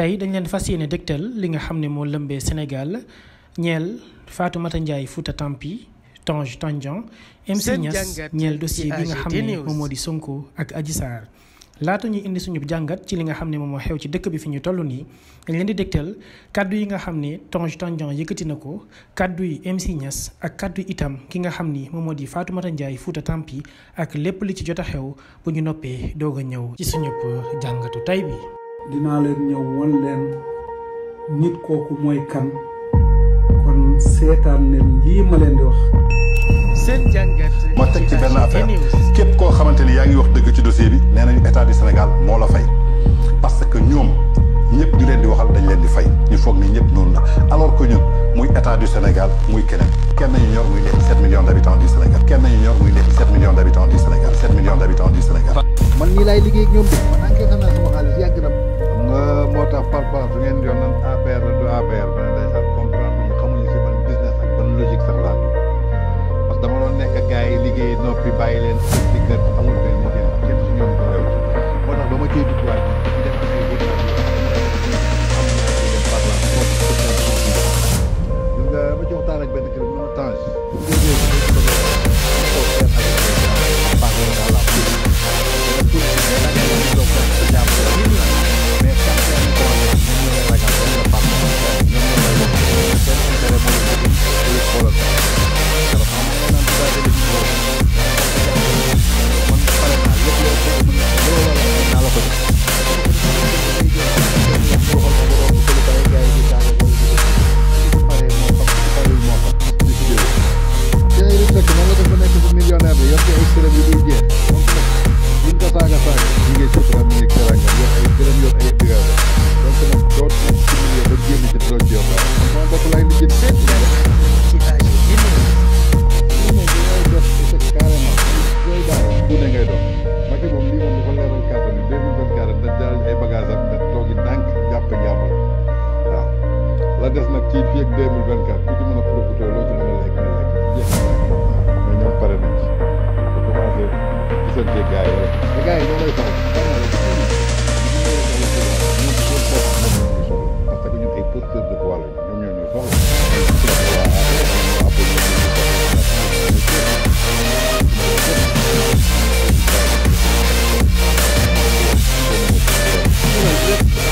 tey dañ leen fas yéene dégtal li nga xam ne moo lëmbee Sénégal ñeel Fatoumata Ndiaye Fouta Tampi tonge Tandian MC Niass ñeel dossier bi nga xam ne moom moo di Sonko ak Adji Sarr laata ñu indi suñu jàngat ci li nga xam ne moom moo xew ci dëkk bi fi ñu toll nii dañ leen di dégtal kaddu yi nga xam ne Tange Tandian yëkkati na ko kaddu yi MC ak kaddu itam ki nga xam ni moom moo di Fatoumata Ndiaye Fouta Tampi ak lépp li ci jot a xew bu ñu noppee doog a ñëw ci suñu jàngatu tay bi dinaa leen ñëw won leen nit kooku mooy kan kon seetaan ne lii ma leen di wax seen jàngat ma teg ci benn affaire képp koo xamante ni yaa ngi wax dëgg ci dossier bi nee nañu état du Sénégal moo la fay parce que ñoom ñëpp ñu leen di waxal dañ leen di fay ñu foog ni ñëpp noonu la alors ko ñu muy état du Sénégal muy keneen kenn ñu ñor muy nekk 7 millions d' habitants du Sénégal kenn ñu ñor muy nekk 7 millions d' habitants du Sénégal 7 millions d' habitants du Sénégal. ñoom de nga moo tax parfois su ngeen yoon nan APR la du APR ba ne ndeysaan comprendre ñu xamuñu si ban business ak ban logique sax laa parce que dama doon nekk gars yi liggéey noppi bàyyi leen si kër amul benn sama bopp laay lijjit seet nga ci âge yi génn moom dangay dox te fekk carrément yooyu daal guune ngay dox Macky moom lii moom dafa leeral kàttan ni deux mille vingt quatre da daal ay bagage am da toogi ndànk jàpp njàmbal waaw la des nag ci fii ak deux mille vingt quatre ku ci mën a profité loo ci mën a lekk nga lekk jeex na waaw mais ñoom pare nañ ci pour commencé gisante gars yi rek mais gars yi ñoo lay faral parce que ñun ay porteurs de voix lañu Thank you.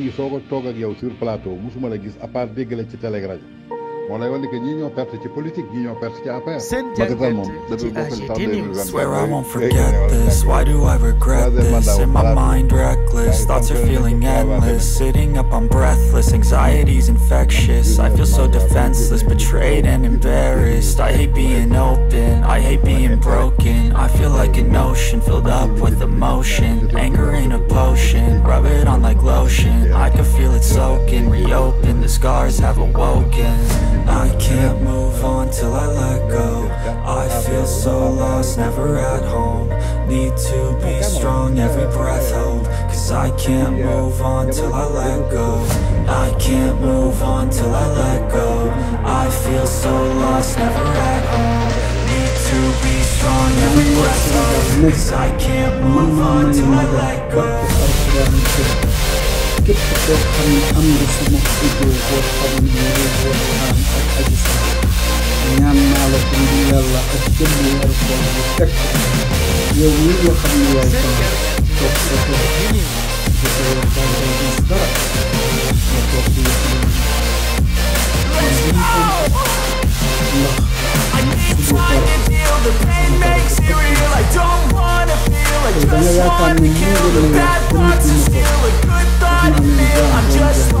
ngi soog a toog ak yow sur plateau mosuma la gis à part dégg la ci télé moo lay wane politique ñii ñoo perte ci I won't forget this. Why do I regret this? In my mind reckless, thoughts are feeling endless. Sitting up, I'm breathless. Anxiety's infectious. I feel so defenseless, betrayed and embarrassed. I hate being open. I hate being broken. I feel like an ocean filled up with emotion. Anger a potion. Rub it on like lotion. I can feel it soaking. Reopen. The scars have awoken. I can't move on till I let go I feel so lost, never at home Need to be strong, every breath hold Cause I can't move on till I let go I can't move on till I let go I feel so lost, never at home Need to be strong, every breath hold Cause I can't move on till I let go képp koo xam ne am nga sama vidéo boo xam ne mooy waxtaan ak Adji Sarr ñaan naa la ko ngir yàlla ak jëmm weer koor bu fekk yow mii nga xam ne yaay toog toog sa toog sa toog sa gis dara nga toog di wax man bi ñu ko ndax su dul dara da nga yaakaar ne lii nga lay wax ba nit ñi ko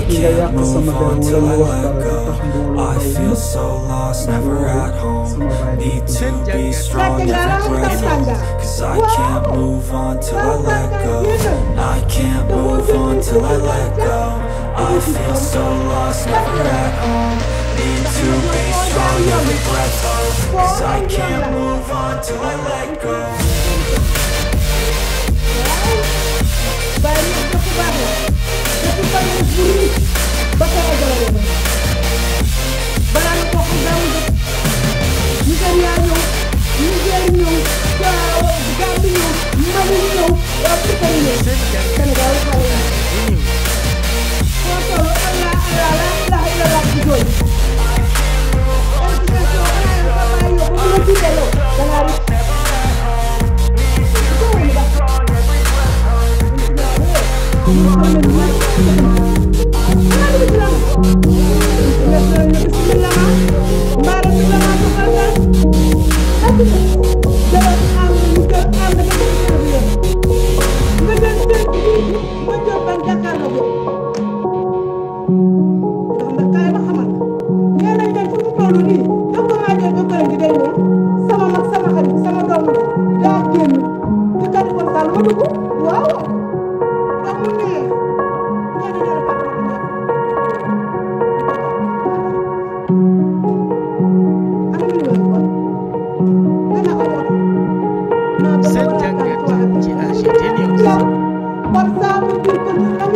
I can't move on till I let go I feel so lost, never at home Need to be strong, never grateful Cause I can't move on till I let go I can't move on till I let go I feel so lost, never at home Need to be strong, every breath though Cause I can't move on till I let go Pagkakaroon ng buri, basta kagalaw mo. Wala na po akong gawin. Yung kariyano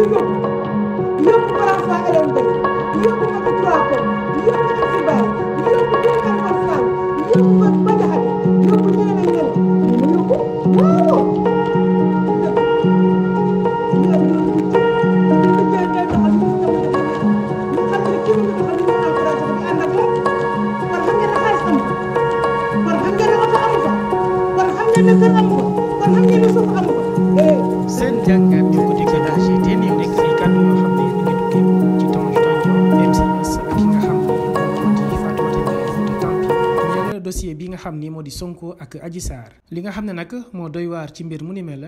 Thank you. ni moo di sonkoo ak aji saar li nga xam ne nag moo doy waar ci mbir mu ni mel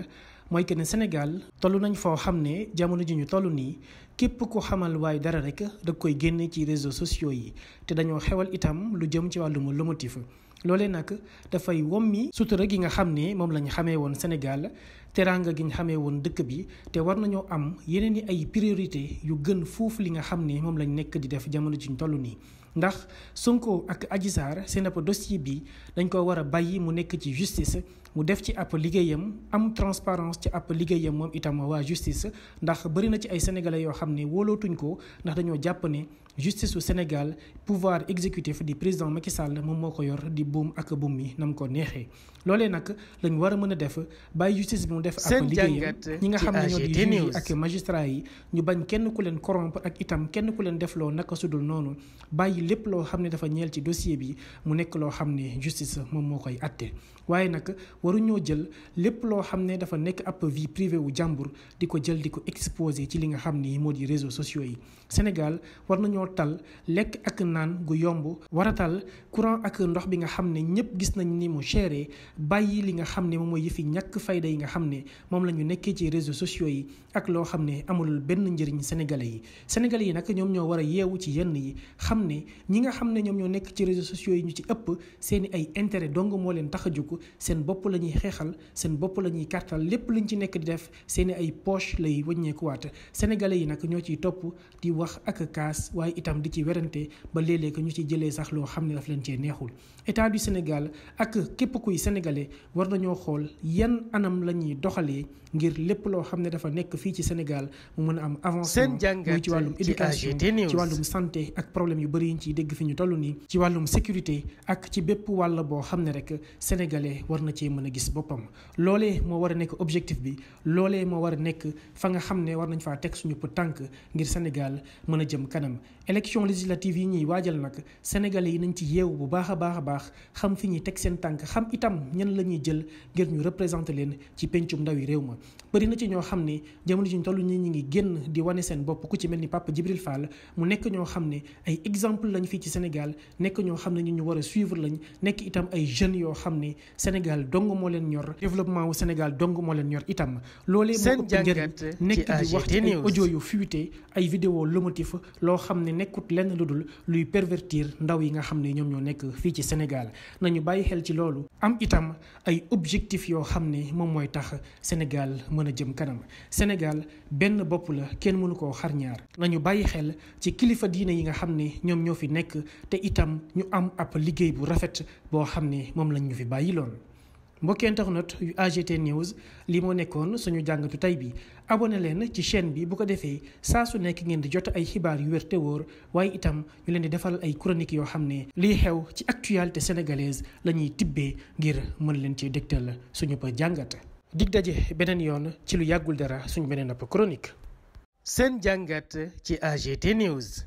mooy que ne Sénégal toll nañ foo xam ne jamono ji ñu toll nii képp ku xamal waaye dara rek da koy génne ci réseau sociaux yi te dañoo xewal itam lu jëm ci wàllu wàllum lomotif loole nag dafay wommi sutura gi nga xam ne moom lañ xamee woon Sénégal teraanga gi ñu xamee woon dëkk bi te war nañoo am yeneen i ay priorité yu gën foofu li nga xam ne moom lañ nekk di def jamono ji toll nii ndax Sonko ak aji Sarr seen ko dossier bi dañ ko war a bàyyi mu nekk ci justice mu def ci ab liggéeyam am transparence ci ab liggéeyam moom itam waa justice ndax bëri na ci ay sénégalais yoo xam ne woolootuñ ko ndax dañoo jàpp ne justice su Sénégal pouvoir exécutif di président Macky Sall moom moo ko yor di buum ak buum mi nam ko neexee loolee nag lañu war a mën a def bàyyi justice bi mu def ab liggéeyam ñi nga xam ne ñoo di juge ak magistrat yi ñu bañ kenn ku leen corrompre ak itam kenn ku leen defloo naka sudul noonu bàyyi lépp loo xam ne dafa ñeel ci dossier bi mu nekk loo xam ne justice moom moo koy atte waruñoo jël lépp loo xam ne dafa nekk ab vie privée wu jàmbur di ko jël di ko exposé ci li nga xam ni moo di réseau sociaux yi Sénégal war nañoo tal lekk ak naan gu yomb war a tal courant ak ndox bi nga xam ne ñëpp gis nañ ni mu chéré bàyyi li nga xam ne moom mooy yëfi ñàkk fayda yi nga xam ne moom la ñu nekkee ci réseau sociaux yi ak loo xam ne amulul benn njëriñ sénégalais yi sénégalais yi nag ñoom ñoo war a yeewu ci yenn yi xam ne ñi nga xam ne ñoom ñoo nekk ci réseaux sociaux yi ñu ci ëpp seeni ay intérêt dong moo leen tax a jug seen la ñuy xeexal seen bopp la ñuy kàttal lépp lañ ci nekk di def seen ay poche lay wëññeekuwaat sénégalais yi nag ñoo ciy topp di wax ak kaas waaye itam di ci werante ba léeg ñu ci jëlee sax loo xam ne daf leen cee neexul état du Sénégal ak képp kuy sénégalais war nañoo xool yan anam la ñuy doxalee ngir lépp loo xam ne dafa nekk fii ci Sénégal mu mën a am avancement muy ci wàllum éducation ci wàllum santé ak problème yu bëri yiñ ciy dégg fi ñu toll nii ci wàllum sécurité ak ci bépp wàll boo xam ne rek sénégalais war na cee mën a gis boppam loolee moo war a nekk objectif bi loole moo war a nekk fa nga xam ne war nañ faa teg suñu pour tànk ngir senegal mën a jëm kanam élection législative yi ñuy waajal nag sénégalais yi nañ ci yeewu bu baax a baax a baax xam fi ñuy teg seen tànk xam itam ñan la ñuy jël ngir ñu représente leen ci pencum ndaw yi réew ma bëri na ci ñoo xam ne jamono ji ñu toll nii ñu ngi génn di wane seen bopp ku ci mel ni Papa Djibril Fall mu nekk ñoo xam ne ay exemple lañ fii ci Sénégal nekk ñoo xam ne ñu ñu war a suivre nekk itam ay jeunes yoo xam ne Sénégal dong dong leen ñor développement wu Sénégal dong moo leen ñor itam loolee moo ëpp njëriñ nekk di wax ci ay yu fuité ay vidéo lomotif loo xam ne nekkut lenn lu dul luy pervertir ndaw yi nga xam ne ñoom ñoo nekk fii ci Sénégal nañu bàyyi xel ci loolu am itam ay objectif yoo xam ne moom mooy tax Sénégal mën a jëm kanam Sénégal benn bopp la kenn mënu ko xar ñaar nañu bàyyi xel ci kilifa diine yi nga xam ne ñoom ñoo fi nekk te itam ñu am ab liggéey bu rafet boo xam ne moom lañ ñu fi bàyyi loon mbokki internet yu AGT news li moo nekkoon suñu jàngatu tey bi abonné leen ci chaîne bi bu ko defee saa su nekk ngeen di jot ay xibaar yu wér te wóor waaye itam ñu leen di defal ay chronique yoo xam ne liy xew ci actualité sénégalaise la ñuy tibbee ngir mën leen ci dégtal suñu ba jàngat. dig daje beneen yoon ci lu yàggul dara suñu beneen ab chronique. seen jàngat ci AGT news.